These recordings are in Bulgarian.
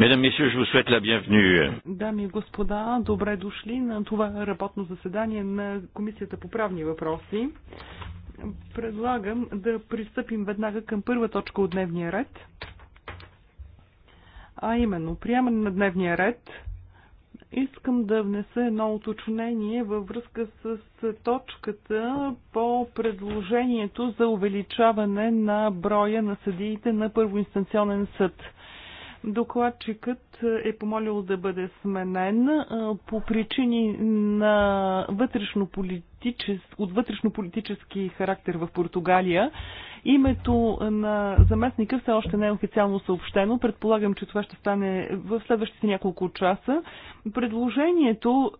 Mesdames, Messieurs, je vous souhaite la bienvenue. Дами и господа, добре дошли на това работно заседание на Комисията по правни въпроси. Предлагам да пристъпим веднага към първа точка от дневния ред, а именно приемане на дневния ред. Искам да внеса едно уточнение във връзка с точката по предложението за увеличаване на броя на съдиите на първоинстанционен съд – Докладчикът е помолил да бъде сменен по причини на вътрешно от вътрешно-политически характер в Португалия. Името на заместника все още не е официално съобщено. Предполагам, че това ще стане в следващите няколко часа. Предложението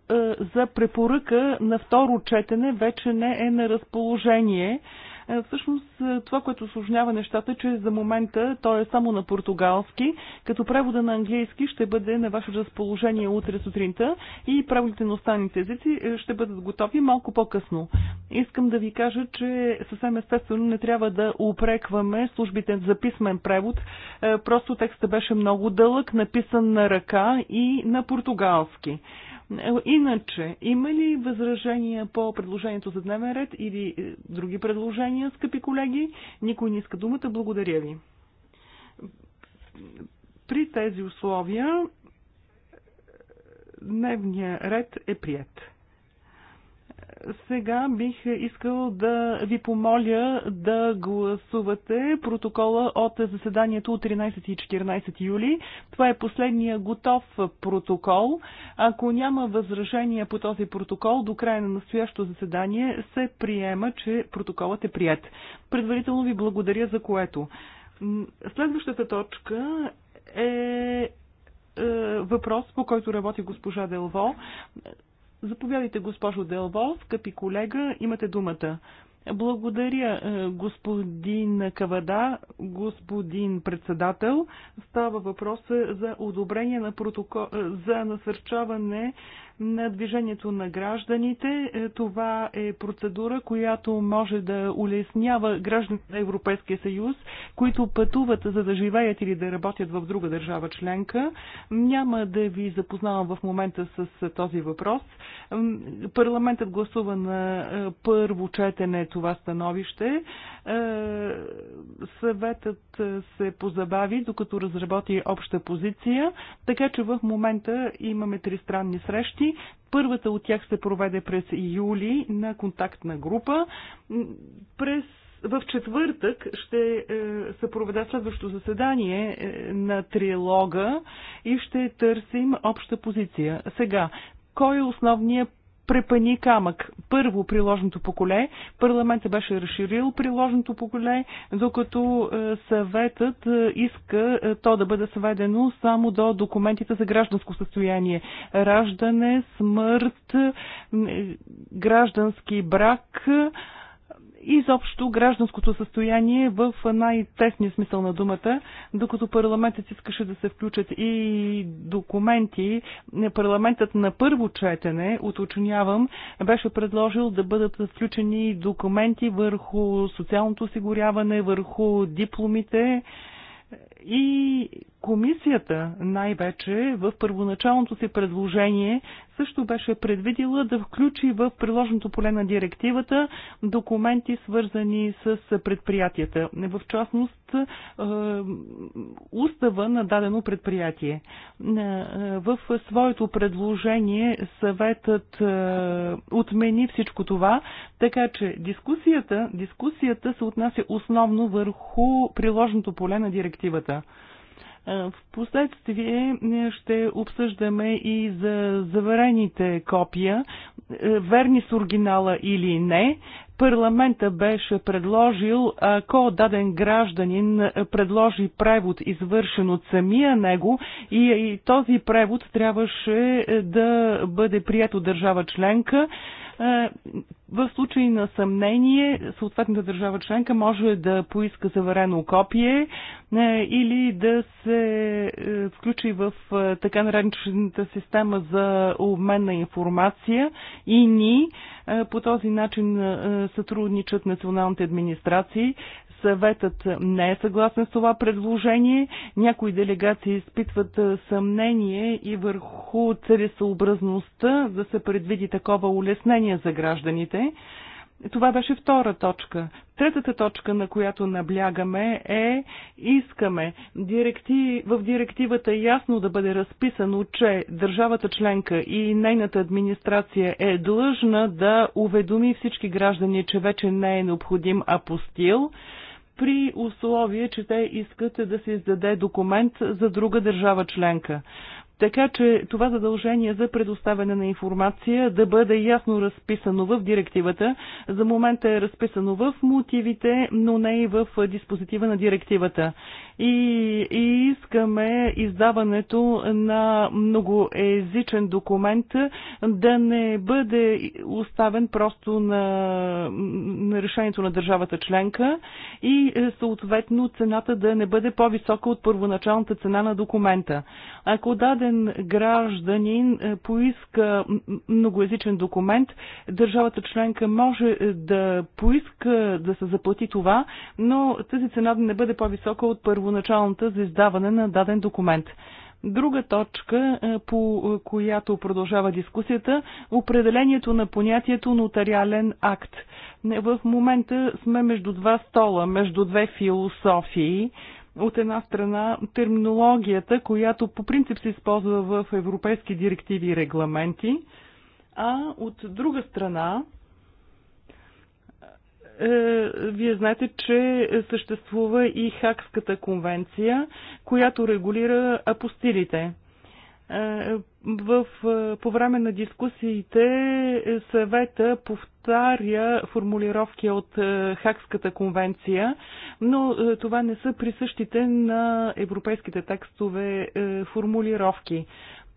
за препоръка на второ четене вече не е на разположение. Е, всъщност е, това, което осложнява нещата, че за момента той е само на португалски, като превода на английски ще бъде на ваше разположение утре сутринта и преводите на останалите езици е, ще бъдат готови малко по-късно. Искам да ви кажа, че съвсем естествено не трябва да упрекваме службите за писмен превод. Просто текста беше много дълъг, написан на ръка и на португалски. Иначе, има ли възражения по предложението за дневен ред или е, други предложения, скъпи колеги? Никой не иска думата. Благодаря ви. При тези условия дневния ред е прият сега бих искал да ви помоля да гласувате протокола от заседанието от 13 и 14 юли. Това е последния готов протокол. Ако няма възражения по този протокол, до края на настоящото заседание се приема, че протоколът е прият. Предварително ви благодаря за което. Следващата точка е, е въпрос, по който работи госпожа Делво Заповядайте, госпожо Делво, скъпи колега, имате думата. Благодаря, е, господин Кавада, господин председател. Става въпрос за одобрение на протокол, е, за насърчаване на движението на гражданите. Е, това е процедура, която може да улеснява гражданите на Европейския съюз, които пътуват за да живеят или да работят в друга държава членка. Няма да ви запознавам в момента с този въпрос. Парламентът гласува на е, първо четене това становище. Е, съветът се позабави, докато разработи обща позиция, така че в момента имаме тристранни срещи. Първата от тях се проведе през юли на контактна група. През в четвъртък ще е, се проведа следващото заседание е, на трилога и ще търсим обща позиция. Сега, кой е основният препани камък. Първо приложното поколе, парламента беше разширил приложното поколе, докато е, съветът е, иска е, то да бъде сведено само до документите за гражданско състояние. Раждане, смърт, граждански брак, изобщо гражданското състояние в най-тесния смисъл на думата, докато парламентът искаше да се включат и документи. Парламентът на първо четене, уточнявам, беше предложил да бъдат включени документи върху социалното осигуряване, върху дипломите и Комисията най-вече в първоначалното си предложение също беше предвидила да включи в приложното поле на директивата документи свързани с предприятията, в частност е, устава на дадено предприятие. Е, в своето предложение съветът е, отмени всичко това, така че дискусията, дискусията се отнася основно върху приложното поле на директивата. Е, в последствие е, ще обсъждаме и за заверените копия, е, верни с оригинала или не. Парламента беше предложил, ако даден гражданин предложи превод, извършен от самия него, и, и този превод трябваше да бъде прият от държава членка, в случай на съмнение, съответната държава членка може да поиска заварено копие е, или да се е, включи в е, така наречената система за обмен на информация и ни по този начин сътрудничат националните администрации. Съветът не е съгласен с това предложение. Някои делегации изпитват съмнение и върху целесообразността да се предвиди такова улеснение за гражданите. Това беше втора точка. Третата точка, на която наблягаме е искаме директив, в директивата ясно да бъде разписано, че държавата членка и нейната администрация е длъжна да уведоми всички граждани, че вече не е необходим апостил при условие, че те искат да се издаде документ за друга държава членка. Така че това задължение за предоставяне на информация да бъде ясно разписано в директивата. За момента е разписано в мотивите, но не и в диспозитива на директивата. И, и искаме издаването на многоезичен документ да не бъде оставен просто на, на решението на държавата членка и е, съответно цената да не бъде по-висока от първоначалната цена на документа. Ако даден един гражданин е, поиска многоязичен документ, държавата членка може е, да поиска да се заплати това, но тази цена да не бъде по-висока от първоначалната за издаване на даден документ. Друга точка, е, по която продължава дискусията, определението на понятието нотариален акт. В момента сме между два стола, между две философии от една страна терминологията, която по принцип се използва в европейски директиви и регламенти, а от друга страна е, вие знаете, че съществува и Хакската конвенция, която регулира апостилите в, е, по време на дискусиите съвета повтаря формулировки от е, Хакската конвенция, но е, това не са присъщите на европейските текстове формулировки.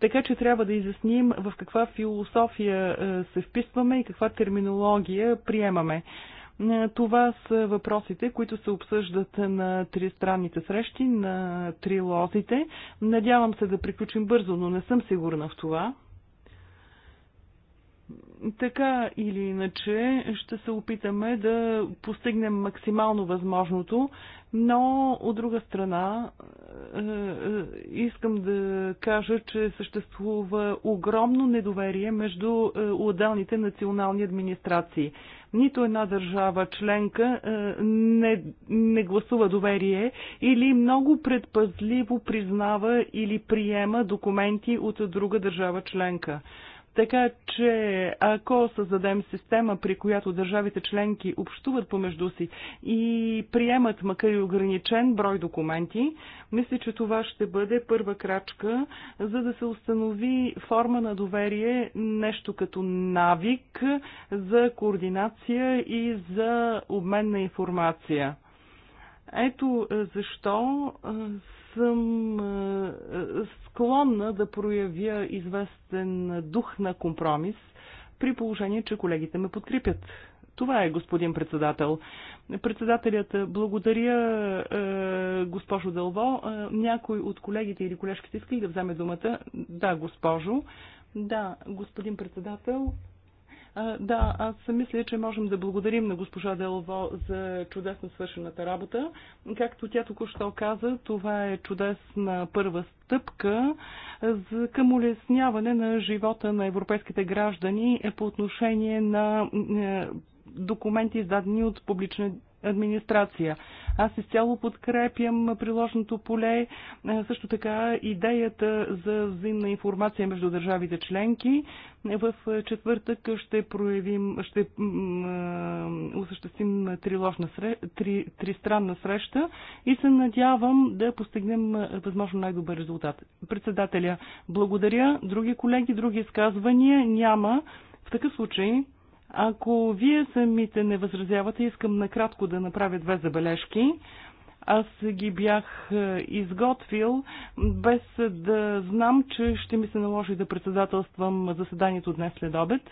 Така че трябва да изясним в каква философия се вписваме и каква терминология приемаме. Е, това са въпросите, които се обсъждат на тристранните срещи, на трилозите. Надявам се да приключим бързо, но не съм сигурна в това. Така или иначе ще се опитаме да постигнем максимално възможното, но от друга страна е, е, искам да кажа, че съществува огромно недоверие между отделните национални администрации. Нито една държава членка е, не, не гласува доверие или много предпазливо признава или приема документи от друга държава членка. Така че ако създадем система, при която държавите членки общуват помежду си и приемат макар и ограничен брой документи, мисля, че това ще бъде първа крачка, за да се установи форма на доверие, нещо като навик за координация и за обмен на информация. Ето е, защо е, съм е, склонна да проявя известен дух на компромис, при положение, че колегите ме подкрепят. Това е, господин председател. Председателят, благодаря, е, госпожо Дълво. Е, някой от колегите или колежките иска да вземе думата? Да, госпожо. Да, господин председател. Да, аз мисля, че можем да благодарим на госпожа Делово за чудесно свършената работа. Както тя току-що каза, това е чудесна първа стъпка към улесняване на живота на европейските граждани по отношение на е, документи, издадени от публична администрация. Аз изцяло подкрепям приложното поле, е, също така идеята за взаимна информация между държавите членки. В четвъртък ще проявим, ще осъществим триложна, три, тристранна среща и се надявам да постигнем възможно най-добър резултат. Председателя, благодаря. Други колеги, други изказвания няма. В такъв случай ако вие самите не възразявате, искам накратко да направя две забележки. Аз ги бях е, изготвил, без да знам, че ще ми се наложи да председателствам заседанието днес след обед.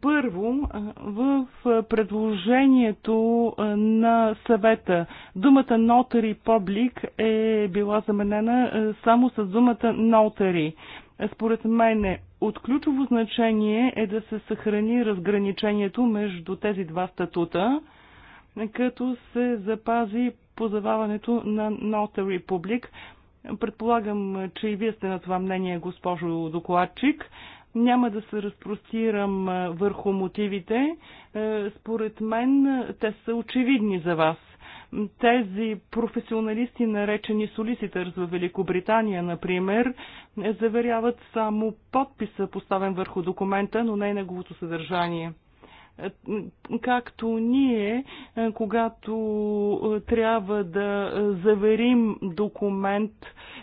Първо, е, в предложението е, на съвета думата Notary Public е била заменена само с думата Notary. Е, според мен е от ключово значение е да се съхрани разграничението между тези два статута, като се запази позававането на Notary Public. Предполагам, че и вие сте на това мнение, госпожо докладчик. Няма да се разпростирам е, върху мотивите. Според мен те са очевидни за вас тези професионалисти, наречени солиситърс в Великобритания, например, заверяват само подписа, поставен върху документа, но не неговото съдържание както ние, когато трябва да заверим документ,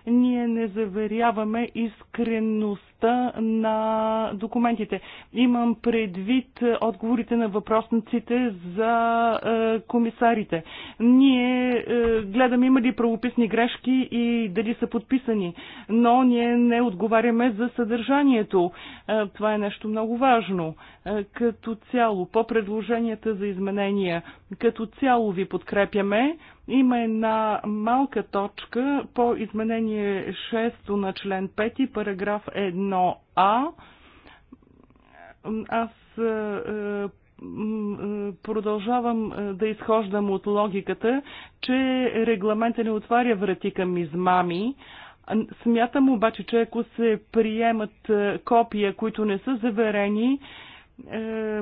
ние не заверяваме искреност надежността на документите. Имам предвид отговорите на въпросниците за е, комисарите. Ние е, гледаме има ли правописни грешки и дали са подписани, но ние не отговаряме за съдържанието. Е, това е нещо много важно. Като цяло, по предложенията за изменения, като цяло ви подкрепяме. Има една малка точка по изменение 6 на член 5, параграф 1а. Аз е, е, продължавам е, да изхождам от логиката, че регламента не отваря врати към измами. Смятам обаче, че ако се приемат копия, които не са заверени, е,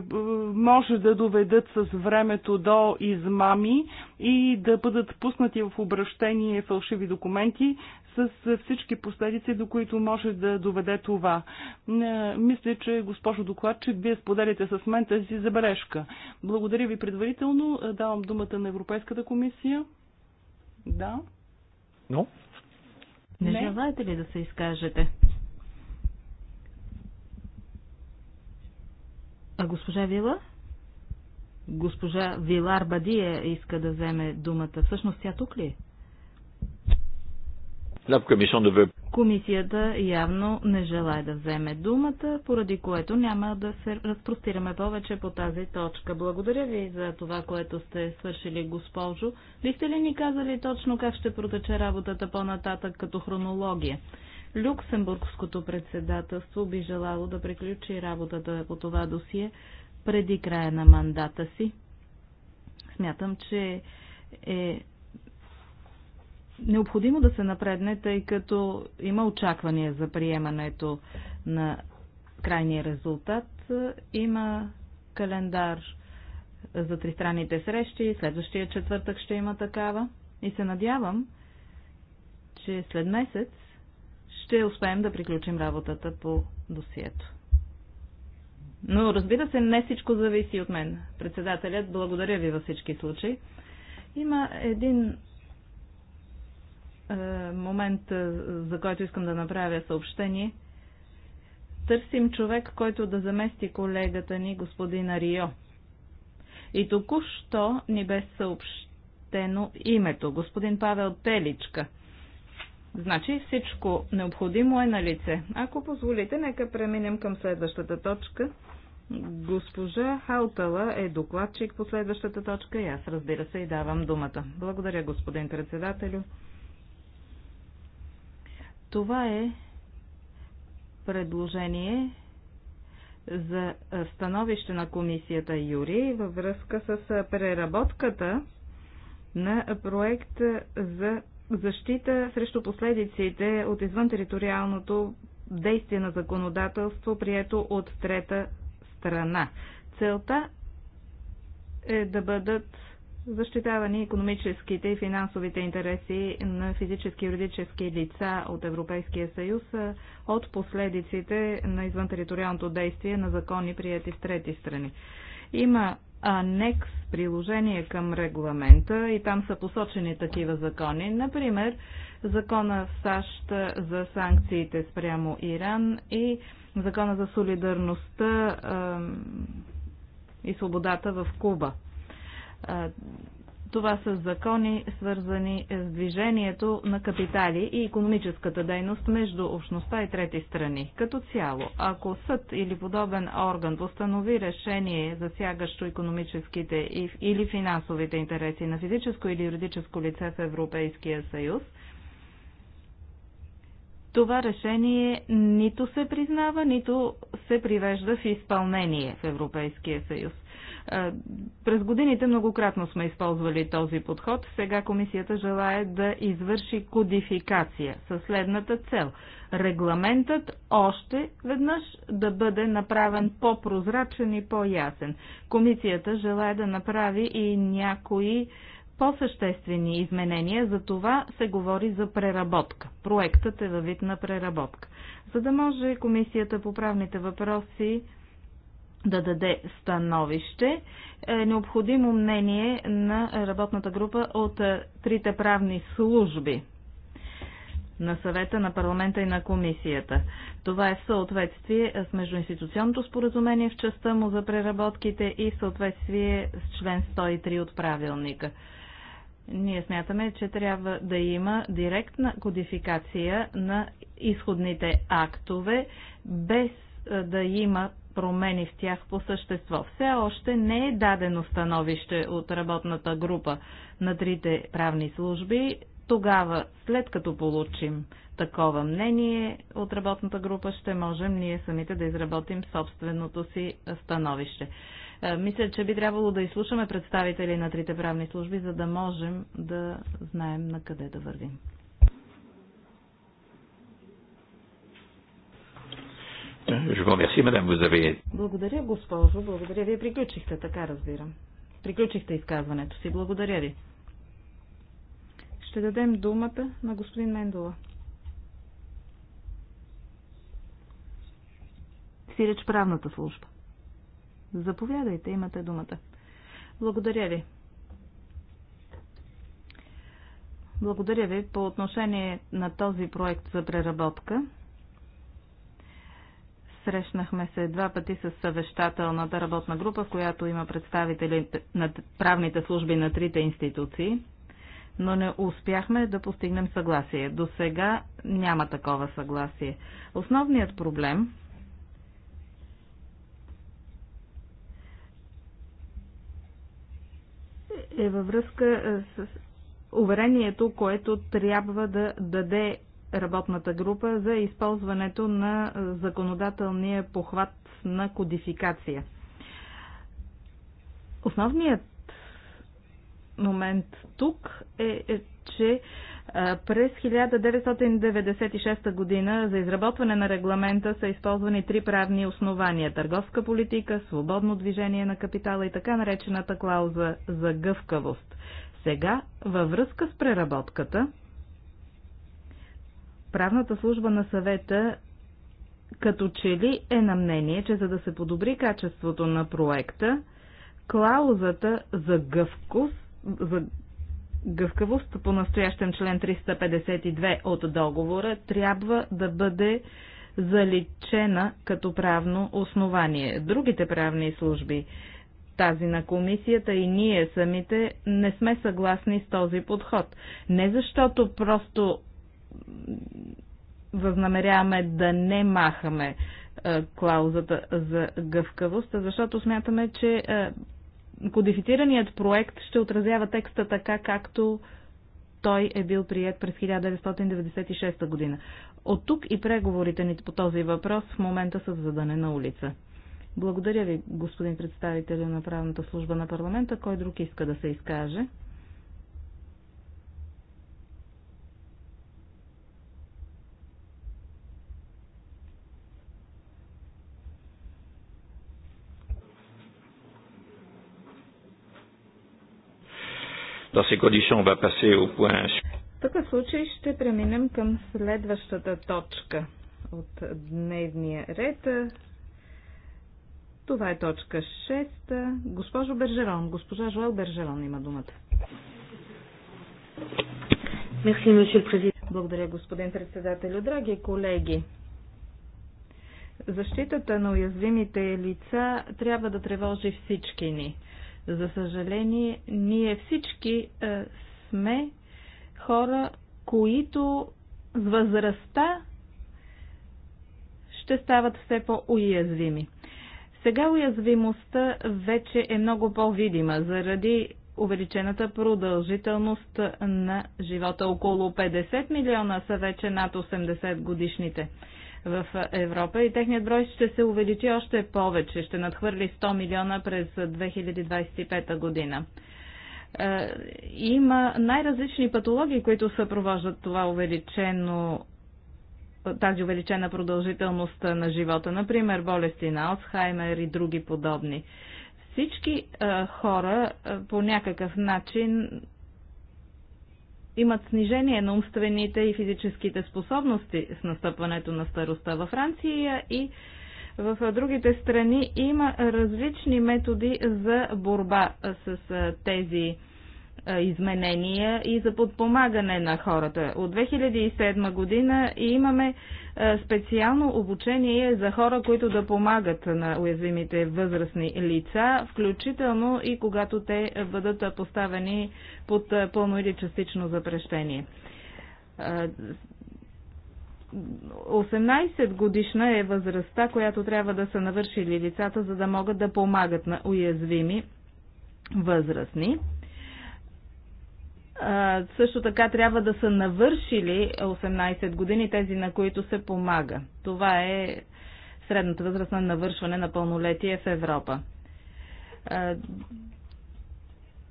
може да доведат с времето до измами и да бъдат пуснати в обращение фалшиви документи с всички последици, до които може да доведе това. Е, мисля, че госпожо докладчик, вие споделите с мен тази забележка. Благодаря ви предварително. Е, давам думата на Европейската комисия. Да. Но? Не. Не желаете ли да се изкажете? А госпожа Вила? Госпожа Вилар Бадия иска да вземе думата. Всъщност тя тук ли е? Комисията явно не желая да вземе думата, поради което няма да се разпростираме повече по тази точка. Благодаря ви за това, което сте свършили, госпожо. Бихте ли ни казали точно как ще протече работата по-нататък като хронология? Люксембургското председателство би желало да приключи работата по това досие преди края на мандата си. Смятам, че е необходимо да се напредне, тъй като има очаквания за приемането на крайния резултат. Има календар за тристранните срещи. Следващия четвъртък ще има такава. И се надявам, че след месец ще успеем да приключим работата по досието. Но разбира се, не всичко зависи от мен. Председателят, благодаря ви във всички случаи. Има един е, момент, е, за който искам да направя съобщение. Търсим човек, който да замести колегата ни, господина Рио. И току-що ни бе съобщено името, господин Павел Теличка – Значи всичко необходимо е на лице. Ако позволите, нека преминем към следващата точка. Госпожа Халтала е докладчик по следващата точка и аз разбира се и давам думата. Благодаря, господин председателю. Това е предложение за становище на комисията Юри във връзка с преработката на проект за защита срещу последиците от извън териториалното действие на законодателство, прието от трета страна. Целта е да бъдат защитавани економическите и финансовите интереси на физически и юридически лица от Европейския съюз от последиците на извънтериториалното действие на закони, прияти в трети страни. Има анекс приложение към регламента и там са посочени такива закони. Например, закона в САЩ за санкциите спрямо Иран и закона за солидарността и свободата в Куба. Това са закони, свързани с движението на капитали и економическата дейност между общността и трети страни. Като цяло, ако съд или подобен орган постанови решение, засягащо економическите или финансовите интереси на физическо или юридическо лице в Европейския съюз, това решение нито се признава, нито се привежда в изпълнение в Европейския съюз. Е, през годините многократно сме използвали този подход. Сега комисията желая да извърши кодификация със следната цел. Регламентът още веднъж да бъде направен по-прозрачен и по-ясен. Комисията желая да направи и някои по-съществени изменения, за това се говори за преработка. Проектът е във вид на преработка. За да може Комисията по правните въпроси да даде становище. Е необходимо мнение на работната група от е, трите правни служби на съвета на парламента и на комисията. Това е в съответствие с междуинституционното споразумение в частта му за преработките и в съответствие с член 103 от правилника. Ние смятаме, че трябва да има директна кодификация на изходните актове, без е, да има промени в тях по същество. Все още не е дадено становище от работната група на трите правни служби. Тогава, след като получим такова мнение от работната група, ще можем ние самите да изработим собственото си становище. Е, мисля, че би трябвало да изслушаме представители на трите правни служби, за да можем да знаем на къде да вървим. Благодаря, госпожо. Благодаря. Вие приключихте, така разбирам. Приключихте изказването си. Благодаря ви. Ще дадем думата на господин Мендола. Сиреч правната служба. Заповядайте, имате думата. Благодаря ви. Благодаря ви по отношение на този проект за преработка. Срещнахме се два пъти с съвещателната работна група, в която има представители на правните служби на трите институции, но не успяхме да постигнем съгласие. До сега няма такова съгласие. Основният проблем е във връзка с уверението, което трябва да даде работната група за използването на законодателния похват на кодификация. Основният момент тук е, е че през 1996 година за изработване на регламента са използвани три правни основания – търговска политика, свободно движение на капитала и така наречената клауза за гъвкавост. Сега, във връзка с преработката, правната служба на съвета като че ли е на мнение, че за да се подобри качеството на проекта, клаузата за гъвкост, за гъвкавост по настоящен член 352 от договора трябва да бъде заличена като правно основание. Другите правни служби, тази на комисията и ние самите, не сме съгласни с този подход. Не защото просто възнамеряваме да не махаме е, клаузата за гъвкавост, защото смятаме, че е, кодифицираният проект ще отразява текста така, както той е бил прият през 1996 година. От тук и преговорите ни по този въпрос в момента са в на улица. Благодаря ви, господин представител на правната служба на парламента. Кой друг иска да се изкаже? Dans ces conditions, on va passer au point. В такъв случай ще преминем към следващата точка от дневния ред. Това е точка 6. Госпожо Бержерон, госпожа Жоел Бержерон има думата. Благодаря, господин председател, Драги колеги, защитата на уязвимите лица трябва да тревожи всички ни. За съжаление, ние всички е, сме хора, които с възрастта ще стават все по-уязвими. Сега уязвимостта вече е много по-видима заради увеличената продължителност на живота. Около 50 милиона са вече над 80 годишните в Европа и техният брой ще се увеличи още повече, ще надхвърли 100 милиона през 2025 година. Е, има най-различни патологии, които съпровождат това увеличено тази увеличена продължителност на живота, например болести на Алцхаймер и други подобни. Всички а, е, хора а, е, по някакъв начин имат снижение на умствените и физическите способности с настъпването на староста във Франция и в другите страни има различни методи за борба с тези изменения и за подпомагане на хората. От 2007 година имаме специално обучение за хора, които да помагат на уязвимите възрастни лица, включително и когато те бъдат поставени под пълно или частично запрещение. 18 годишна е възрастта, която трябва да са навършили лицата, за да могат да помагат на уязвими възрастни също така трябва да са навършили 18 години тези, на които се помага. Това е средната възраст на навършване на пълнолетие в Европа.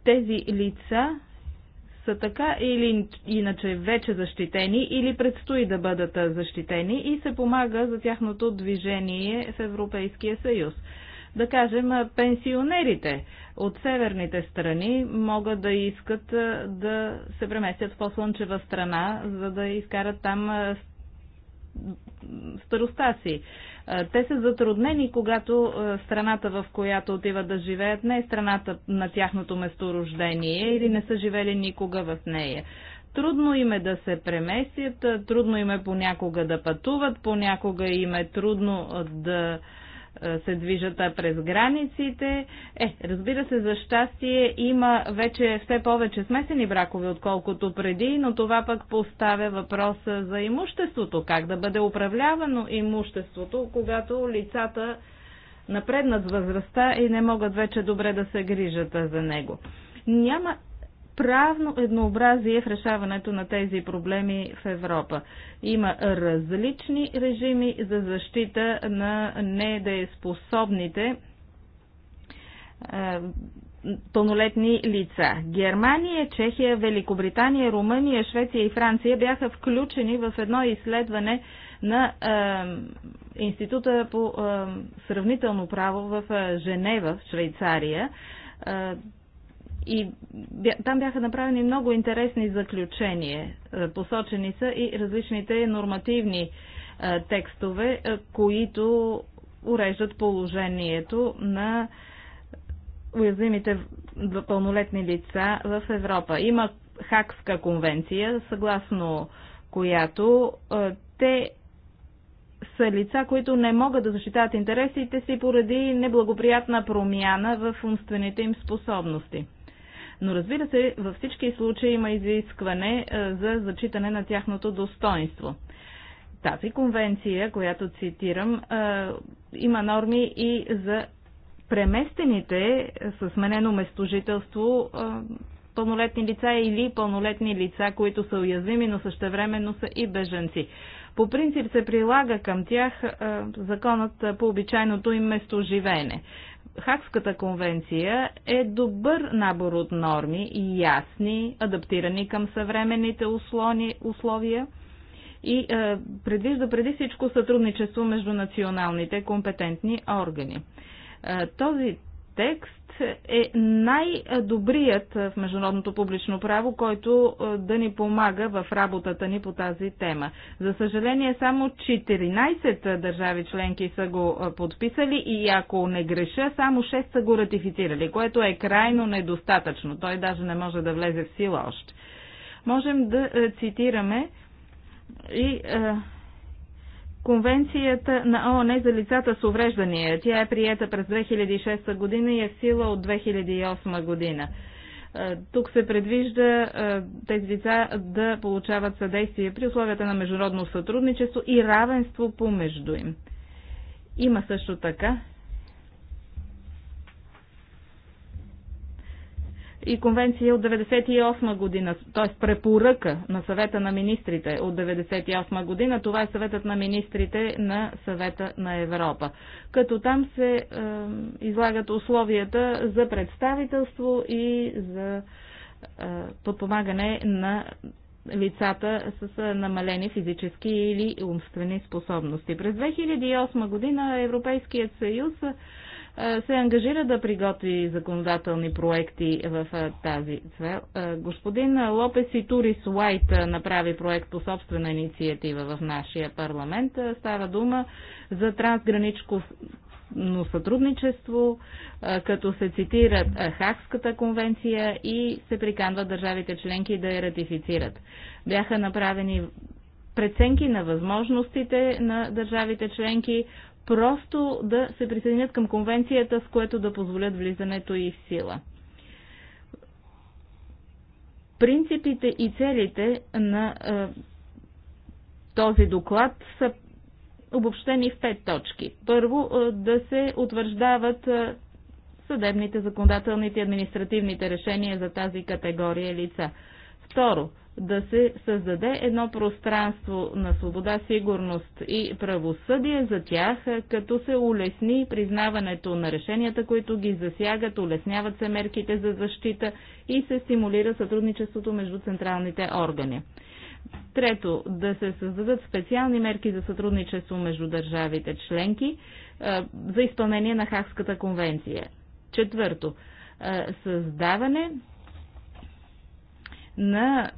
Тези лица са така или иначе вече защитени или предстои да бъдат защитени и се помага за тяхното движение в Европейския съюз. Да кажем, пенсионерите от северните страни могат да искат да се преместят в по-слънчева страна, за да изкарат там староста си. Те са затруднени, когато страната, в която отиват да живеят, не е страната на тяхното месторождение или не са живели никога в нея. Трудно им е да се преместят, трудно им е понякога да пътуват, понякога им е трудно да е, се движат през границите. Е, разбира се, за щастие има вече все повече смесени бракове, отколкото преди, но това пък поставя въпроса за имуществото. Как да бъде управлявано имуществото, когато лицата напреднат възрастта и не могат вече добре да се грижат за него. Няма правно еднообразие в решаването на тези проблеми в Европа. Има различни режими за защита на недееспособните е, пълнолетни лица. Германия, Чехия, Великобритания, Румъния, Швеция и Франция бяха включени в едно изследване на е, Института по е, сравнително право в е, Женева, в Швейцария. Е, и там бяха направени много интересни заключения. Е, посочени са и различните нормативни е, текстове, е, които уреждат положението на уязвимите пълнолетни лица в Европа. Има Хакска конвенция, съгласно която те са лица, които не могат да защитават интересите си поради неблагоприятна промяна в умствените им способности. Но разбира се, във всички случаи има изискване е, за зачитане на тяхното достоинство. Тази конвенция, която цитирам, е, има норми и за преместените със е, сменено местожителство пълнолетни лица или пълнолетни лица, които са уязвими, но същевременно са и бежанци. По принцип се прилага към тях законът по обичайното им местоживеене. Хакската конвенция е добър набор от норми, ясни, адаптирани към съвременните услони, условия и е, предвижда преди всичко сътрудничество между националните компетентни органи. Е, този текст е най-добрият в международното публично право, който е, да ни помага в работата ни по тази тема. За съжаление, само 14 е, държави членки са го е, подписали и ако не греша, само 6 са го ратифицирали, което е крайно недостатъчно. Той даже не може да влезе в сила още. Можем да цитираме и Конвенцията на ООН за лицата с увреждания. Тя е приета през 2006 година и е в сила от 2008 година. Е, тук се предвижда е, тези лица да получават съдействие при условията на международно сътрудничество и равенство помежду им. Има също така и конвенция от 1998 година, т.е. препоръка на съвета на министрите от 1998 година. Това е съветът на министрите на съвета на Европа. Като там се е, излагат условията за представителство и за е, подпомагане на лицата с намалени физически или умствени способности. През 2008 година Европейският съюз е, се ангажира да приготви законодателни проекти в е, тази цел. Е, господин Лопес и Турис Уайт направи проект по собствена инициатива в нашия парламент. Става дума за трансграничко но сътрудничество, като се цитират Хакската конвенция и се приканва държавите членки да я ратифицират. Бяха направени преценки на възможностите на държавите членки просто да се присъединят към конвенцията, с което да позволят влизането и в сила. Принципите и целите на е, този доклад са обобщени в пет точки. Първо, е, да се утвърждават е, съдебните, законодателните и административните решения за тази категория лица. Второ, да се създаде едно пространство на свобода, сигурност и правосъдие за тях, като се улесни признаването на решенията, които ги засягат, улесняват се мерките за защита и се стимулира сътрудничеството между централните органи. Трето, да се създадат специални мерки за сътрудничество между държавите членки за изпълнение на Хагската конвенция. Четвърто, създаване на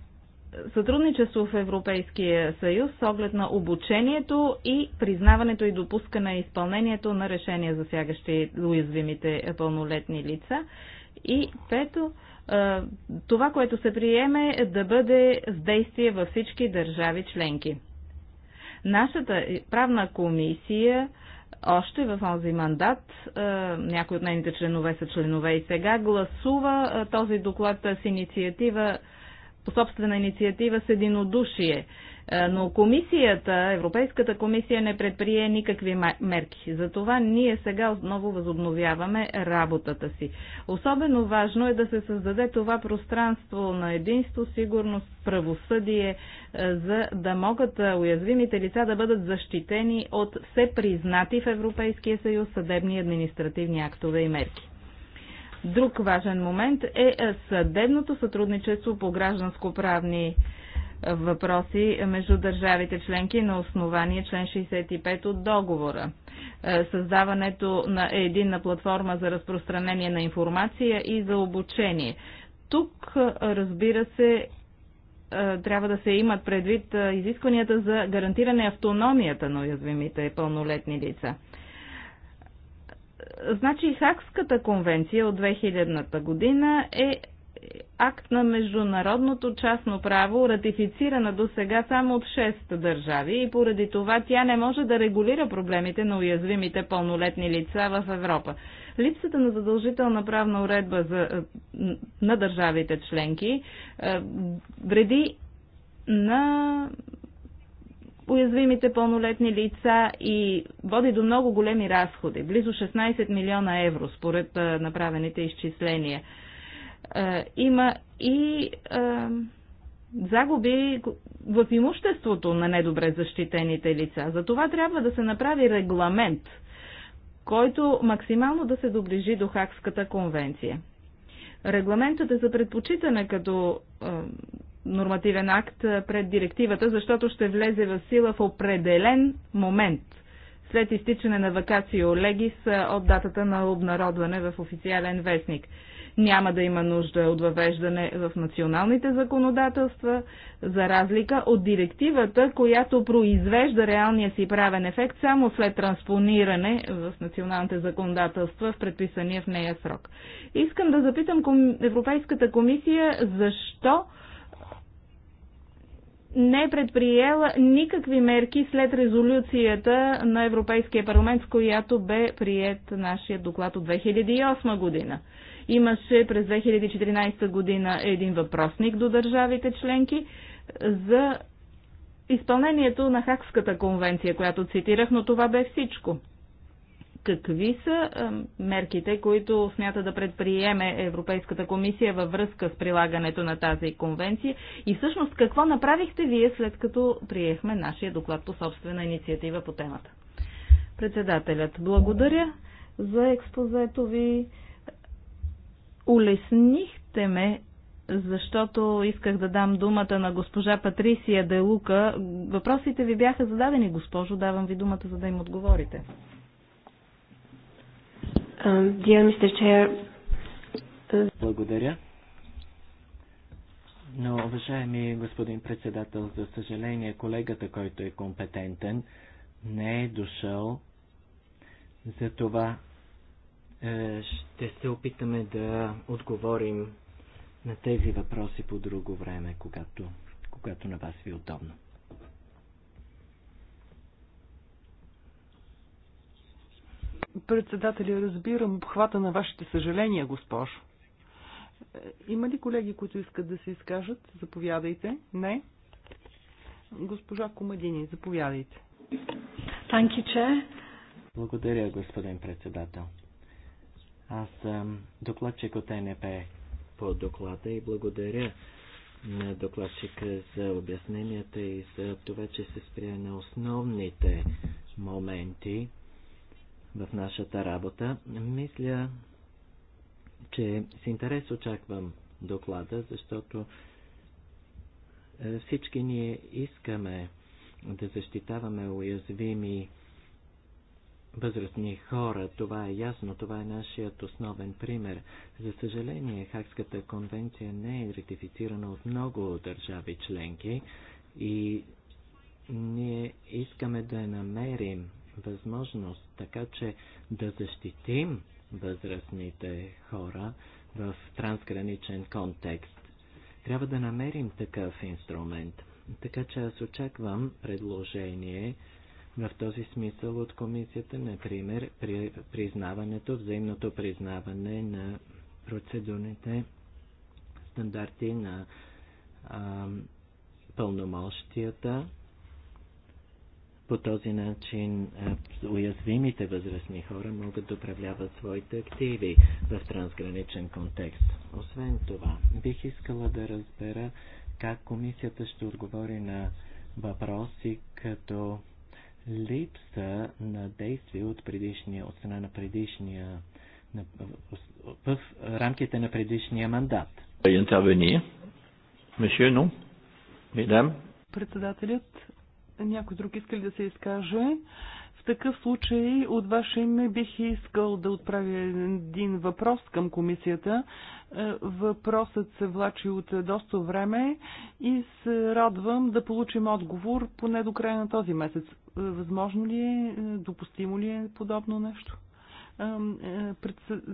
сътрудничество в Европейския съюз с оглед на обучението и признаването и допускане на изпълнението на решения засягащи уязвимите пълнолетни лица. И пето, това, което се приеме е да бъде в действие във всички държави членки. Нашата правна комисия още в този мандат, някои от нейните членове са членове и сега, гласува този доклад с инициатива по собствена инициатива с единодушие. Е, но комисията, Европейската комисия не предприе никакви мерки. Затова ние сега отново възобновяваме работата си. Особено важно е да се създаде това пространство на единство, сигурност, правосъдие, е, за да могат е, уязвимите лица да бъдат защитени от все признати в Европейския съюз съдебни административни актове и мерки. Друг важен момент е съдебното сътрудничество по гражданско-правни въпроси между държавите членки на основание член 65 от договора. Е, създаването на единна платформа за разпространение на информация и за обучение. Тук, е, разбира се, е, трябва да се имат предвид изискванията за гарантиране автономията на уязвимите пълнолетни лица. Значи Хакската конвенция от 2000 та година е акт на международното частно право, ратифицирана до сега само от 6 държави и поради това тя не може да регулира проблемите на уязвимите пълнолетни лица в Европа. Липсата на задължителна правна уредба за, е, на държавите членки е, вреди на уязвимите пълнолетни лица и води до много големи разходи, близо 16 милиона евро според направените изчисления. Има и загуби в имуществото на недобре защитените лица. За това трябва да се направи регламент, който максимално да се доближи до Хакската конвенция. Регламентът е за предпочитане като нормативен акт пред директивата, защото ще влезе в сила в определен момент след изтичане на вакацио легис от датата на обнародване в официален вестник. Няма да има нужда от въвеждане в националните законодателства, за разлика от директивата, която произвежда реалния си правен ефект само след транспониране в националните законодателства в предписания в нея срок. Искам да запитам Европейската комисия защо не е предприела никакви мерки след резолюцията на Европейския парламент, с която бе прият нашия доклад от 2008 година. Имаше през 2014 година един въпросник до държавите членки за изпълнението на Хакската конвенция, която цитирах, но това бе всичко какви са мерките, които смята да предприеме Европейската комисия във връзка с прилагането на тази конвенция и всъщност какво направихте вие след като приехме нашия доклад по собствена инициатива по темата? Председателят, благодаря за експозето ви. Улеснихте ме защото исках да дам думата на госпожа Патрисия Делука. Въпросите ви бяха зададени, госпожо. Давам ви думата, за да им отговорите. Um, Благодаря. Но, уважаеми господин председател, за съжаление, колегата, който е компетентен, не е дошъл. Затова е, ще се опитаме да отговорим на тези въпроси по друго време, когато, когато на вас ви е удобно. Председателя, разбирам обхвата на вашите съжаления, госпожо. Е, има ли колеги, които искат да се изкажат? Заповядайте. Не? Госпожа Комадини, заповядайте. Танки, че. Благодаря, господин председател. Аз съм докладчик от НП по доклада и благодаря на докладчика за обясненията и за това, че се спря на основните моменти в нашата работа. Мисля, че с интерес очаквам доклада, защото е, всички ние искаме да защитаваме уязвими възрастни хора. Това е ясно, това е нашият основен пример. За съжаление, Хакската конвенция не е ратифицирана от много държави членки и ние искаме да намерим възможност, така че да защитим възрастните хора в трансграничен контекст. Трябва да намерим такъв инструмент. Така че аз очаквам предложение в този смисъл от комисията, например, при признаването, взаимното признаване на процедурните стандарти на а, пълномощията по този начин е, уязвимите възрастни хора могат да управляват своите активи в трансграничен контекст. Освен това, бих искала да разбера как комисията ще отговори на въпроси като липса на действие от предишния, от страна на предишния, на, в, в рамките на предишния мандат. Председателят, някой друг иска ли да се изкаже? В такъв случай от ваше име бих искал да отправя един въпрос към комисията. Е, въпросът се влачи от доста време и се радвам да получим отговор поне до края на този месец. Е, възможно ли е, е, допустимо ли е подобно нещо?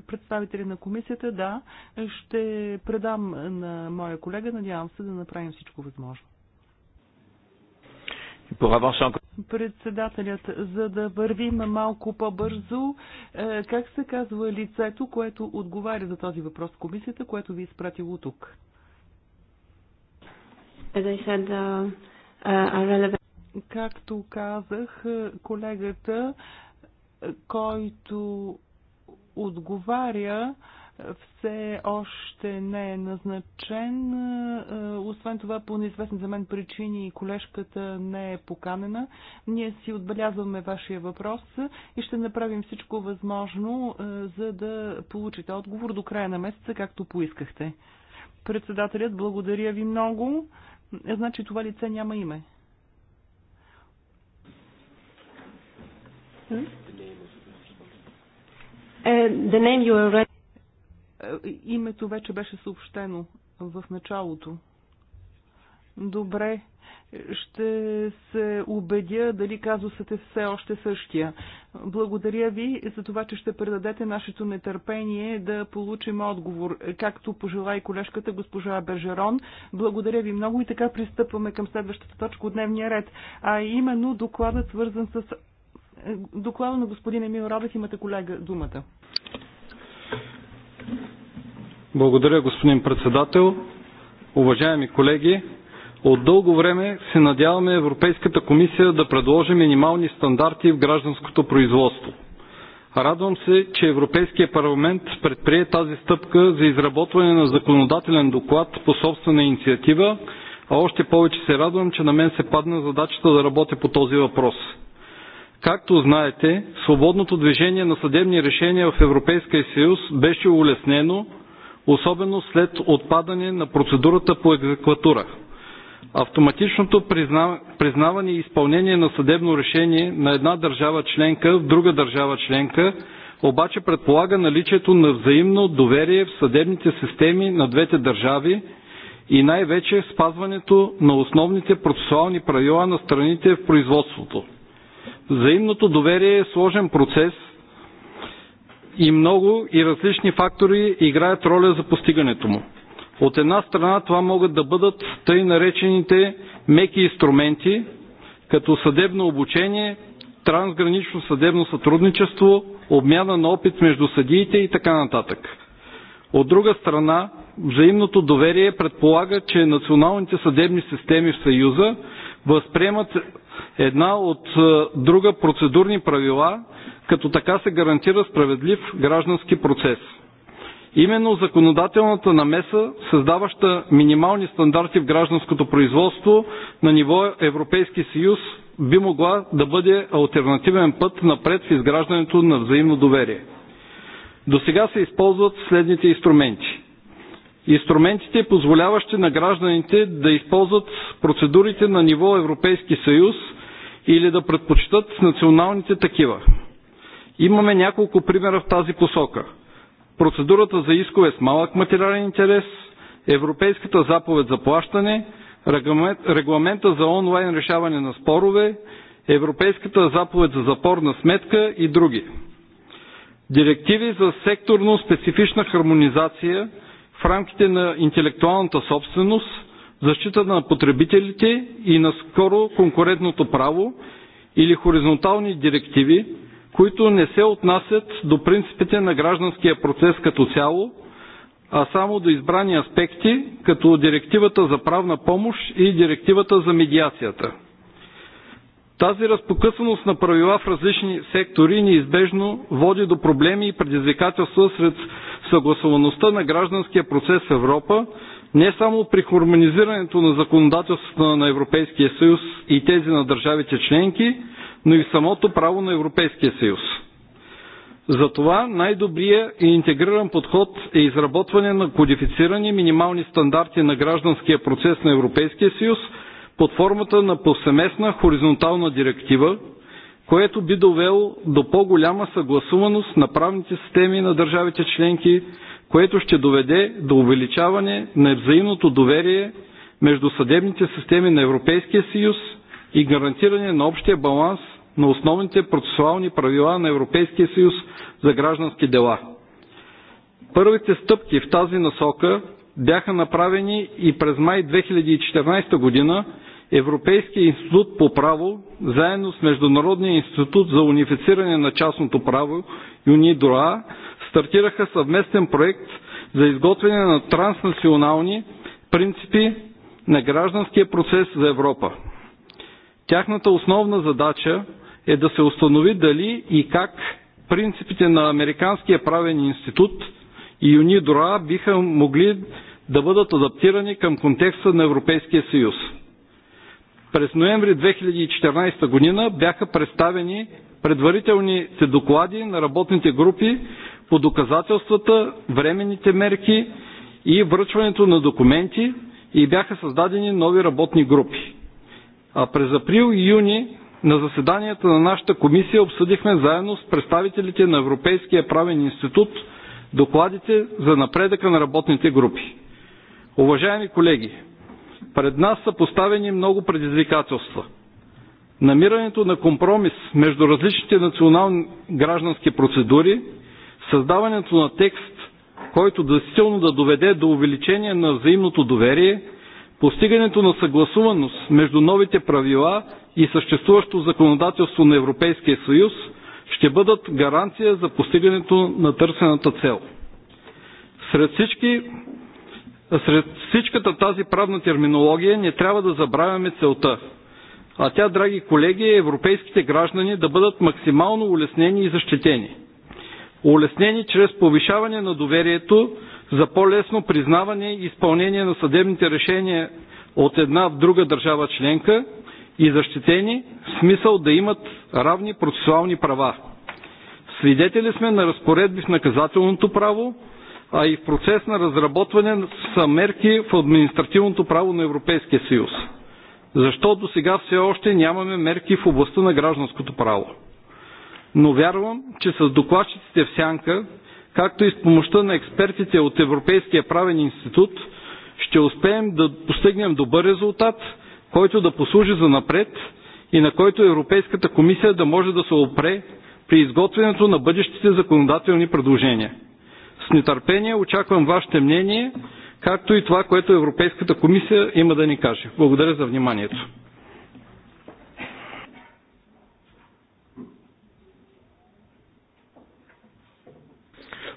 представители на комисията, да, ще предам на моя колега. Надявам се да направим всичко възможно. Председателят, за да вървим малко по-бързо, е, как се казва лицето, което отговаря за този въпрос в комисията, което ви е изпратило тук? Uh, uh, Както казах, е, колегата, е, който отговаря, все още не е назначен. Е, освен това, по неизвестни за мен причини и колежката не е поканена. Ние си отбелязваме вашия въпрос и ще направим всичко възможно, е, за да получите отговор до края на месеца, както поискахте. Председателят, благодаря ви много. Е, значи това лице няма име. The name you already е, името вече беше съобщено в началото. Добре, ще се убедя дали казусът е все още същия. Благодаря ви за това, че ще предадете нашето нетърпение да получим отговор, както пожела и колежката госпожа Бержерон. Благодаря ви много и така пристъпваме към следващата точка от дневния ред, а именно докладът свързан с... Доклада на господин Емил Радов, имате колега думата. Благодаря, господин председател. Уважаеми колеги, от дълго време се надяваме Европейската комисия да предложи минимални стандарти в гражданското производство. Радвам се, че Европейския парламент предприе тази стъпка за изработване на законодателен доклад по собствена инициатива, а още повече се радвам, че на мен се падна задачата да работя по този въпрос – Както знаете, свободното движение на съдебни решения в Европейския съюз беше улеснено, особено след отпадане на процедурата по екзекватура. Автоматичното признаване и изпълнение на съдебно решение на една държава членка в друга държава членка обаче предполага наличието на взаимно доверие в съдебните системи на двете държави и най-вече спазването на основните процесуални правила на страните в производството. Взаимното доверие е сложен процес и много и различни фактори играят роля за постигането му. От една страна това могат да бъдат тъй наречените меки инструменти, като съдебно обучение, трансгранично съдебно сътрудничество, обмяна на опит между съдиите и така нататък. От друга страна, взаимното доверие предполага, че националните съдебни системи в Съюза възприемат една от е, друга процедурни правила, като така се гарантира справедлив граждански процес. Именно законодателната намеса, създаваща минимални стандарти в гражданското производство на ниво Европейски съюз, би могла да бъде альтернативен път напред в изграждането на взаимно доверие. До сега се използват следните инструменти инструментите, позволяващи на гражданите да използват процедурите на ниво Европейски съюз или да предпочитат националните такива. Имаме няколко примера в тази посока. Процедурата за искове с малък материален интерес, Европейската заповед за плащане, регламента за онлайн решаване на спорове, Европейската заповед за запорна сметка и други. Директиви за секторно специфична хармонизация – в рамките на интелектуалната собственост, защитата на потребителите и на скоро конкурентното право или хоризонтални директиви, които не се отнасят до принципите на гражданския процес като цяло, а само до избрани аспекти, като директивата за правна помощ и директивата за медиацията. Тази разпокъсаност на правила в различни сектори неизбежно води до проблеми и предизвикателства сред съгласуваността на гражданския процес в Европа, не само при хармонизирането на законодателството на Европейския съюз и тези на държавите членки, но и самото право на Европейския съюз. Затова най-добрият и интегриран подход е изработване на кодифицирани минимални стандарти на гражданския процес на Европейския съюз под формата на повсеместна хоризонтална директива, което би довело до по-голяма съгласуваност на правните системи на държавите членки, което ще доведе до увеличаване на взаимното доверие между съдебните системи на Европейския съюз и гарантиране на общия баланс на основните процесуални правила на Европейския съюз за граждански дела. Първите стъпки в тази насока бяха направени и през май 2014 година Европейския институт по право, заедно с Международния институт за унифициране на частното право ЮНИДРОА, стартираха съвместен проект за изготвяне на транснационални принципи на гражданския процес за Европа. Тяхната основна задача е да се установи дали и как принципите на Американския правен институт и ЮНИДРОА биха могли да бъдат адаптирани към контекста на Европейския съюз. През ноември 2014 година бяха представени предварителните доклади на работните групи по доказателствата, временните мерки и връчването на документи и бяха създадени нови работни групи. А през април и юни на заседанията на нашата комисия обсъдихме заедно с представителите на Европейския правен институт докладите за напредъка на работните групи. Уважаеми колеги, пред нас са поставени много предизвикателства. Намирането на компромис между различните национални граждански процедури, създаването на текст, който да силно да доведе до увеличение на взаимното доверие, постигането на съгласуваност между новите правила и съществуващо законодателство на Европейския съюз ще бъдат гаранция за постигането на търсената цел. Сред всички сред всичката тази правна терминология не трябва да забравяме целта. А тя, драги колеги, е европейските граждани да бъдат максимално улеснени и защитени. Улеснени чрез повишаване на доверието за по-лесно признаване и изпълнение на съдебните решения от една в друга държава членка и защитени в смисъл да имат равни процесуални права. Свидетели сме на разпоредби в наказателното право, а и в процес на разработване са мерки в административното право на Европейския съюз. Защо до сега все още нямаме мерки в областта на гражданското право? Но вярвам, че с докладчиците в сянка, както и с помощта на експертите от Европейския правен институт, ще успеем да постигнем добър резултат, който да послужи за напред и на който Европейската комисия да може да се опре при изготвянето на бъдещите законодателни предложения. С нетърпение очаквам вашето мнение, както и това, което Европейската комисия има да ни каже. Благодаря за вниманието.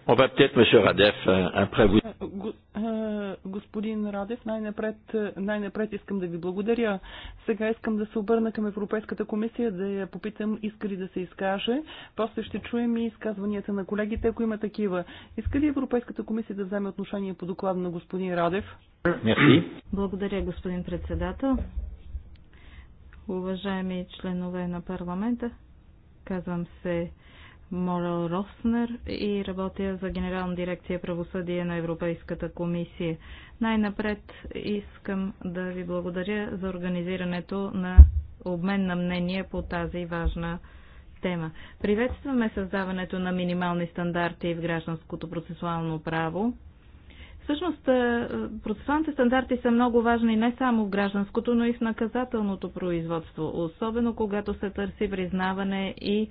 On va peut-être, monsieur euh, après vous. Е, е, господин Радев, най-напред, е, най-напред искам да ви благодаря. Сега искам да се обърна към Европейската комисия, да я попитам иска ли да се изкаже. После ще чуем и изказванията на колегите, ако има такива. Иска ли Европейската комисия да вземе отношение по доклада на господин Радев? Благодаря, господин председател. Уважаеми членове на парламента, казвам се Морал Роснер и работя за Генерална дирекция правосъдие на Европейската комисия. Най-напред искам да ви благодаря за организирането на обмен на мнение по тази важна тема. Приветстваме създаването на минимални стандарти в гражданското процесуално право. Всъщност, е, процесуалните стандарти са много важни не само в гражданското, но и в наказателното производство, особено когато се търси признаване и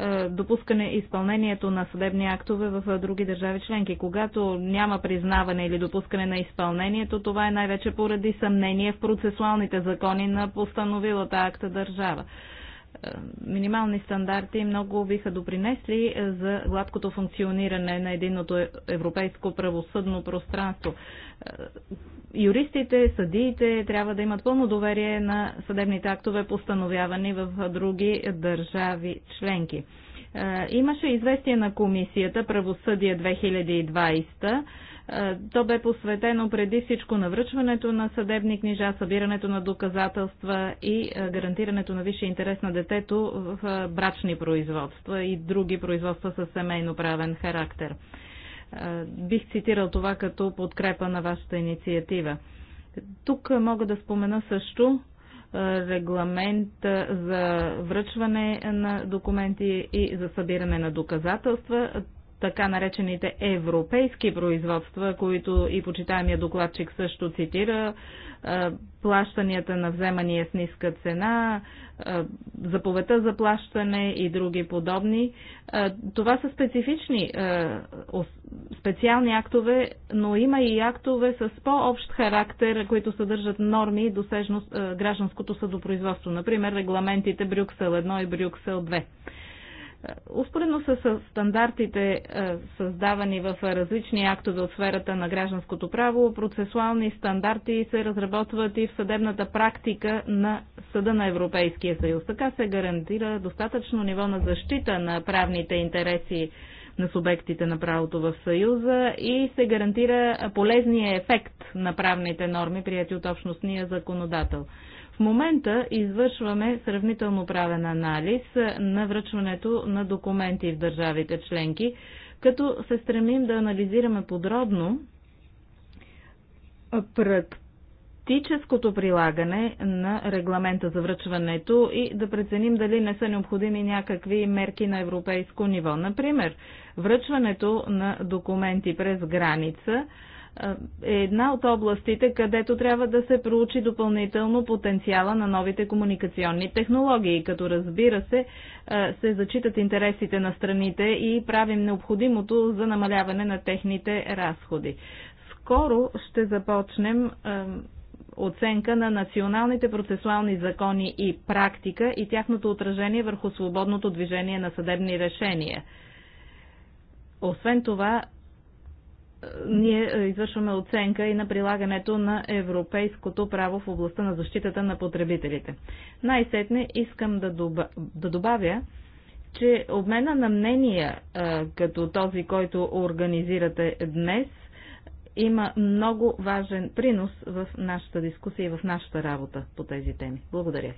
е, допускане изпълнението на съдебни актове в е, други държави членки. Когато няма признаване или допускане на изпълнението, това е най-вече поради съмнение в процесуалните закони на постановилата акта държава минимални стандарти много биха допринесли е, за гладкото функциониране на единното европейско правосъдно пространство. Е, юристите, съдиите трябва да имат пълно доверие на съдебните актове, постановявани в други държави членки. Е, имаше известие на комисията Правосъдие 2020 е, то бе посветено преди всичко на връчването на съдебни книжа, събирането на доказателства и е, гарантирането на висше интерес на детето в е, брачни производства и други производства с семейно правен характер. Бих цитирал това като подкрепа на вашата инициатива. Тук мога да спомена също регламент за връчване на документи и за събиране на доказателства така наречените европейски производства, които и почитаемия докладчик също цитира, плащанията на вземания с ниска цена, заповета за плащане и други подобни. Това са специфични, специални актове, но има и актове с по-общ характер, които съдържат норми и досежност гражданското съдопроизводство, например регламентите Брюксел 1 и Брюксел 2. Успоредно с стандартите, е, създавани в различни актове от сферата на гражданското право, процесуални стандарти се разработват и в съдебната практика на Съда на Европейския съюз. Така се гарантира достатъчно ниво на защита на правните интереси на субектите на правото в Съюза и се гарантира полезния ефект на правните норми, прияти от общностния законодател. В момента извършваме сравнително правен анализ на връчването на документи в държавите членки, като се стремим да анализираме подробно практическото прилагане на регламента за връчването и да преценим дали не са необходими някакви мерки на европейско ниво. Например, връчването на документи през граница – е една от областите, където трябва да се проучи допълнително потенциала на новите комуникационни технологии, като разбира се, се зачитат интересите на страните и правим необходимото за намаляване на техните разходи. Скоро ще започнем оценка на националните процесуални закони и практика и тяхното отражение върху свободното движение на съдебни решения. Освен това, ние е, извършваме оценка и на прилагането на европейското право в областта на защитата на потребителите. Най-сетне искам да, доба, да добавя, че обмена на мнения, е, като този, който организирате днес, има много важен принос в нашата дискусия и в нашата работа по тези теми. Благодаря.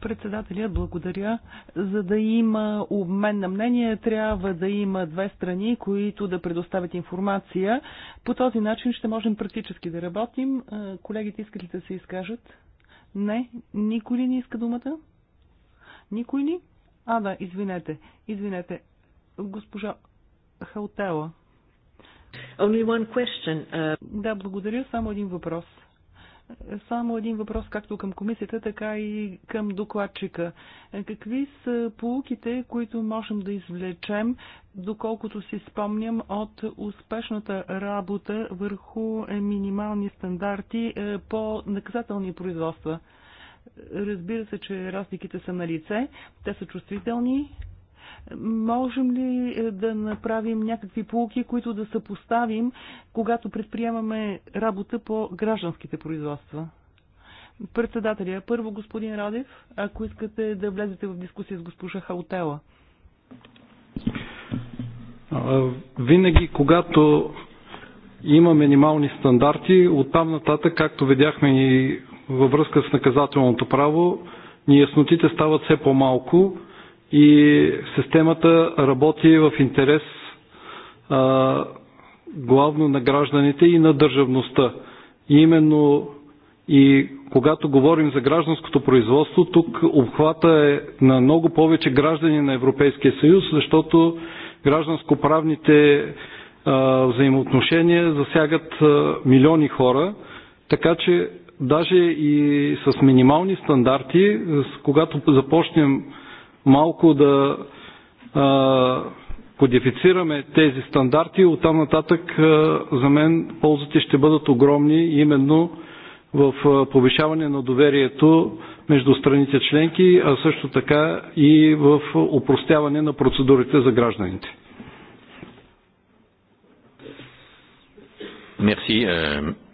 Председателя, благодаря. За да има обмен на мнение, трябва да има две страни, които да предоставят информация. По този начин ще можем практически да работим. Колегите искат ли да се изкажат? Не, никой ли не иска думата? Никой ли? А, да, извинете, извинете. Госпожа Хаутела. Only one question. Uh... Да, благодаря. Само един въпрос. Само един въпрос както към комисията, така и към докладчика. Е, какви са полуките, които можем да извлечем, доколкото си спомням, от успешната работа върху е, минимални стандарти е, по наказателни производства? Разбира се, че разликите са на лице, те са чувствителни, Можем ли е, да направим някакви полуки, които да съпоставим, когато предприемаме работа по гражданските производства? Председателя, първо господин Радев, ако искате да влезете в дискусия с госпожа Хаутела. Винаги, когато има минимални стандарти, оттам нататък, както видяхме и във връзка с наказателното право, неяснотите стават все по-малко и системата работи в интерес а, главно на гражданите и на държавността. И именно и когато говорим за гражданското производство, тук обхвата е на много повече граждани на Европейския съюз, защото гражданско-правните взаимоотношения засягат милиони хора, така че даже и с минимални стандарти, когато започнем малко да а, кодифицираме тези стандарти, оттам нататък а, за мен ползите ще бъдат огромни именно в повишаване на доверието между страните членки, а също така и в упростяване на процедурите за гражданите. Мерси,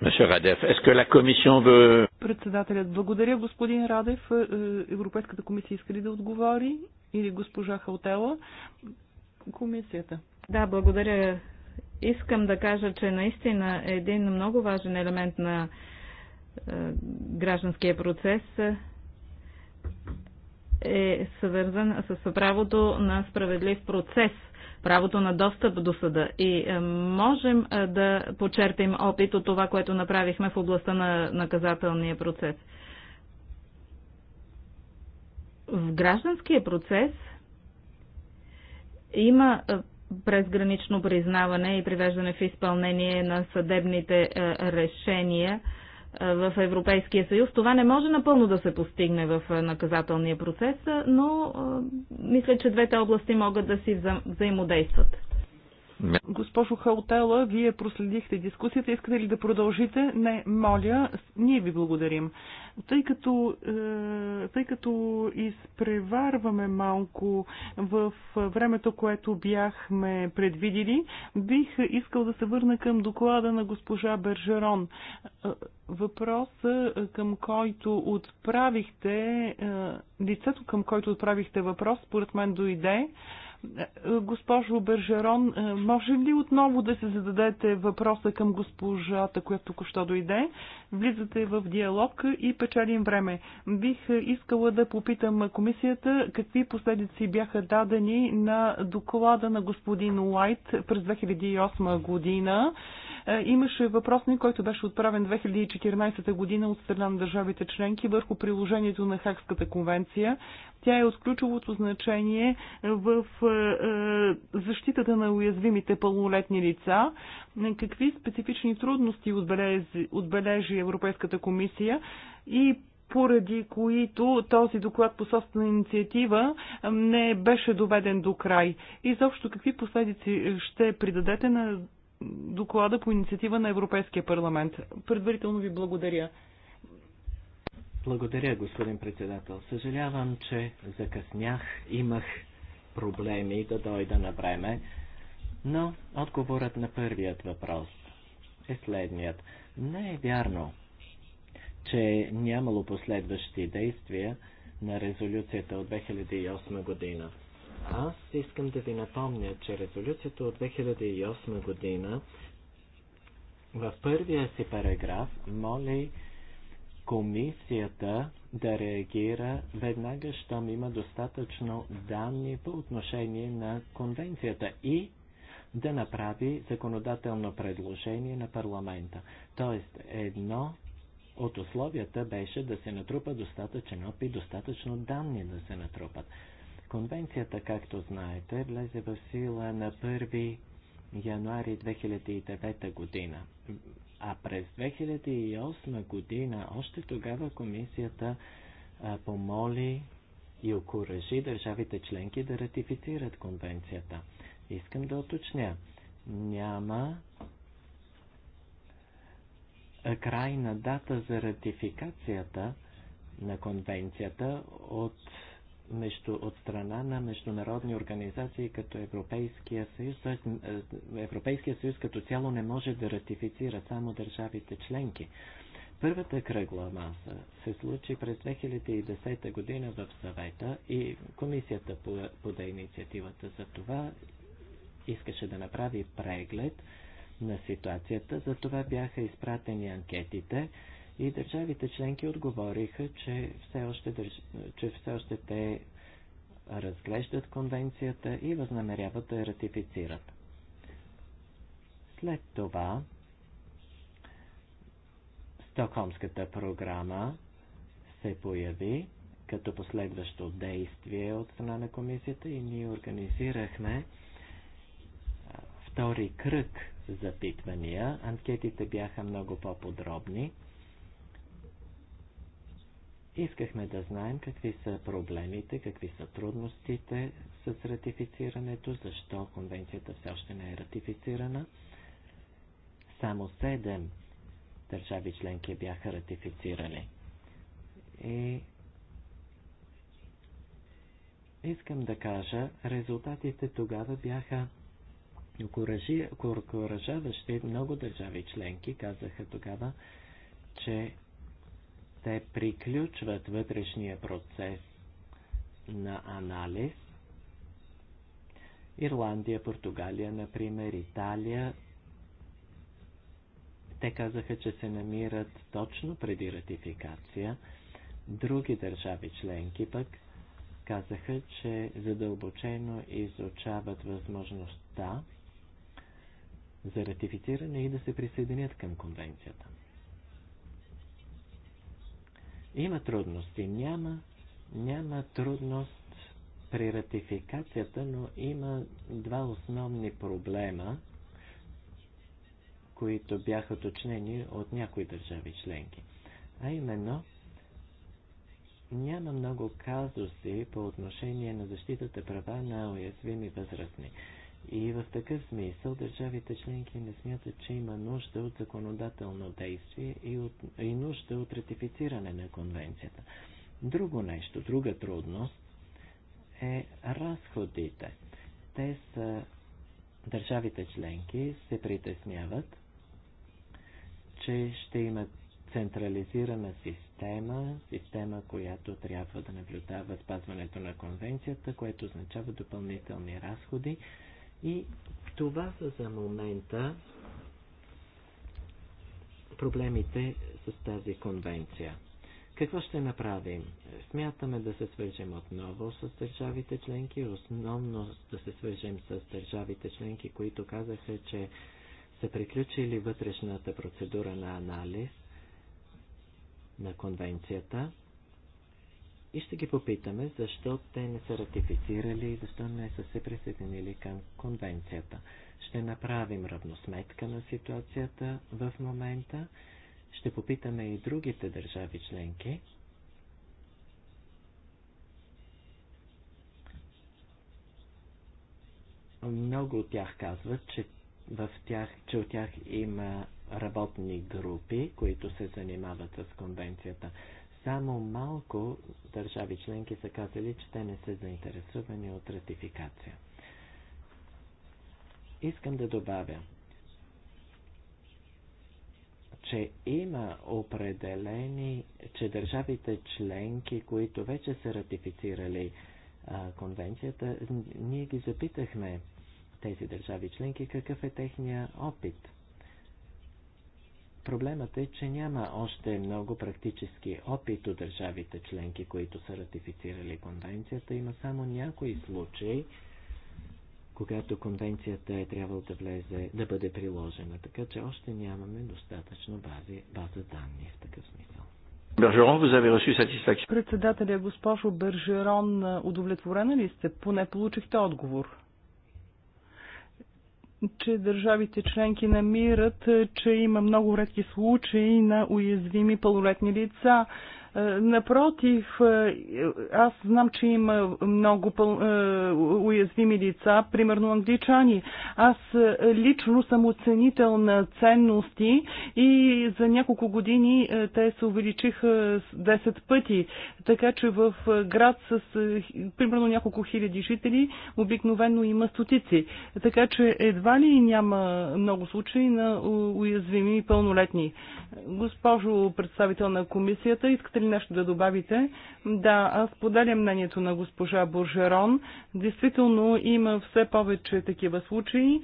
месье Радев. Еске ла комисион ве... Председателят, благодаря господин Радев. Е, е, Европейската комисия иска ли да отговори? Или госпожа Халтела? Комисията. Да, благодаря. Искам да кажа, че наистина е един много важен елемент на е, гражданския процес е свързан с правото на справедлив процес – правото на достъп до съда. И е, можем е, да почерпим опит от това, което направихме в областта на наказателния процес. В гражданския процес има е, презгранично признаване и привеждане в изпълнение на съдебните решения е, в Европейския съюз. Това не може напълно да се постигне в е, наказателния процес, е, но мисля, че двете области могат да си взаимодействат. Госпожо Халтела, вие проследихте дискусията. Искате ли да продължите? Не, моля, ние ви благодарим. Тъй като, е, тъй като изпреварваме малко в времето, което бяхме предвидили, бих искал да се върна към доклада на госпожа Бержерон. Е, въпрос, е, към който отправихте, лицето към който отправихте въпрос, според мен дойде. Госпожо Бержерон, е, може ли отново да се зададете въпроса към госпожата, която току-що дойде? Влизате в диалог и печелим време. Бих искала да попитам комисията какви последици бяха дадени на доклада на господин Уайт през 2008 година. Е, имаше въпросник, който беше отправен 2014 година от страна на държавите членки върху приложението на Хакската конвенция. Тя е от ключовото значение в е, е, е, защитата на уязвимите пълнолетни лица. Какви специфични трудности отбележи, отбележи Европейската комисия и поради които този доклад по собствена инициатива не беше доведен до край. И заобщо какви последици ще придадете на доклада по инициатива на Европейския парламент? Предварително ви благодаря. Благодаря, господин председател. Съжалявам, че закъснях. Имах проблеми да дойда на време. Но отговорът на първият въпрос е следният. Не е вярно, че е нямало последващи действия на резолюцията от 2008 година. Аз искам да ви напомня, че резолюцията от 2008 година в първия си параграф моли комисията да реагира веднага, щом има достатъчно данни по отношение на конвенцията и да направи законодателно предложение на парламента. Тоест, едно от условията беше да се натрупа достатъчен опит, достатъчно данни да се натрупат. Конвенцията, както знаете, влезе в сила на 1 януари 2009 година. А през 2008 година, още тогава комисията а, помоли и окоръжи държавите членки да ратифицират конвенцията. Искам да оточня. Няма крайна дата за ратификацията на конвенцията от между, от страна на международни организации като Европейския съюз. Т.е. Е, Европейския съюз като цяло не може да ратифицира само държавите членки. Първата кръгла маса се случи през 2010 година в съвета и комисията пода инициативата за това искаше да направи преглед на ситуацията, за това бяха изпратени анкетите и държавите членки отговориха, че все още, държ... че все още те разглеждат конвенцията и възнамеряват да я ратифицират. След това Стокхолмската програма се появи като последващо действие от страна на комисията и ние организирахме втори кръг запитвания. Анкетите бяха много по-подробни Искахме да знаем какви са проблемите, какви са трудностите с ратифицирането, защо конвенцията все още не е ратифицирана. Само седем държави членки бяха ратифицирали. И искам да кажа, резултатите тогава бяха окоръжаващи. Много държави членки казаха тогава, че те приключват вътрешния процес на анализ. Ирландия, Португалия, например, Италия. Те казаха, че се намират точно преди ратификация. Други държави членки пък казаха, че задълбочено изучават възможността за ратифициране и да се присъединят към конвенцията. Има трудности. Няма, няма трудност при ратификацията, но има два основни проблема, които бяха точнени от някои държави членки. А именно, няма много казуси по отношение на защитата права на уязвими възрастни. И в такъв смисъл държавите членки не смятат, че има нужда от законодателно действие и, от, и нужда от ратифициране на конвенцията. Друго нещо, друга трудност е разходите. Те са, държавите членки се притесняват, че ще имат централизирана система, система, която трябва да наблюдава спазването на конвенцията, което означава допълнителни разходи и това са за момента проблемите с тази конвенция. Какво ще направим? Смятаме да се свържем отново с държавите членки, основно да се свържем с държавите членки, които казаха, че са приключили вътрешната процедура на анализ на конвенцията и ще ги попитаме защо те не са ратифицирали и защо не са се присъединили към конвенцията. Ще направим равносметка на ситуацията в момента. Ще попитаме и другите държави членки. Много от тях казват, че, в тях, че от тях има работни групи, които се занимават с конвенцията. Само малко държави членки са казали, че те не са заинтересувани от ратификация. Искам да добавя, че има определени, че държавите членки, които вече са ратифицирали а, конвенцията, ние ги запитахме тези държави членки какъв е техния опит – Проблемът е, че няма още много практически опит от държавите членки, които са ратифицирали конвенцията. Има само някои случаи, когато конвенцията е трябвало да влезе, да бъде приложена, така че още нямаме достатъчно бази, база данни в такъв смисъл. Бержерон, vous avez reçu satisfaction. Председателя госпожо Бержерон, удовлетворена ли сте? Поне получихте отговор че държавите членки намират, че има много редки случаи на уязвими пълнолетни лица. Напротив, е, аз знам, че има много е, уязвими лица, примерно англичани. Аз е, лично съм оценител на ценности и за няколко години те се увеличиха 10 пъти. Така че в град с примерно няколко хиляди жители обикновено има стотици. Така че едва ли няма много случаи на уязвими и пълнолетни. Госпожо представител на комисията, искате ли нещо да добавите? Да, аз поделям мнението на госпожа Боржерон. Действително има все повече такива случаи. Е,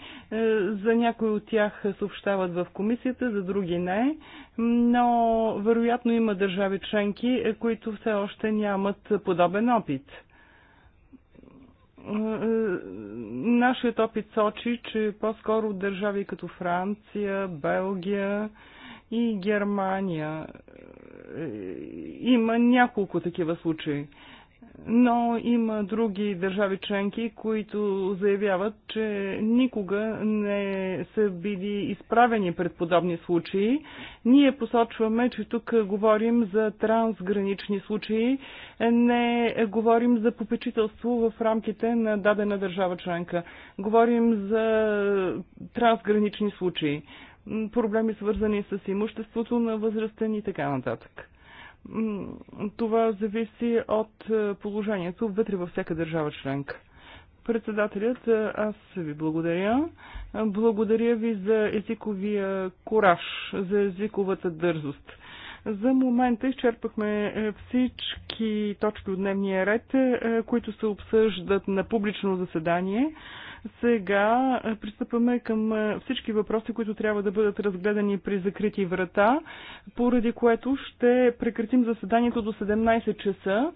за някои от тях съобщават в комисията, за други не. Но вероятно има държави членки, е, които все още нямат подобен опит е, нашият опит сочи, че по-скоро държави като Франция, Белгия и Германия е, има няколко такива случаи. Но има други държави членки, които заявяват, че никога не са били изправени пред подобни случаи. Ние посочваме, че тук говорим за трансгранични случаи, не говорим за попечителство в рамките на дадена държава членка. Говорим за трансгранични случаи проблеми свързани с имуществото на възрастен и така нататък. Това зависи от е, положението вътре във всяка държава членка. Председателят, е, аз ви благодаря. Е, благодаря ви за езиковия кораж, за езиковата дързост. За момента изчерпахме всички точки от дневния ред, които се обсъждат на публично заседание. Сега е, пристъпваме към е, всички въпроси, които трябва да бъдат разгледани при закрити врата, поради което ще прекратим заседанието до 17 часа.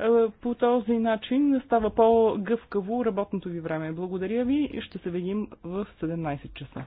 Е, по този начин става по-гъвкаво работното ви време. Благодаря ви и ще се видим в 17 часа.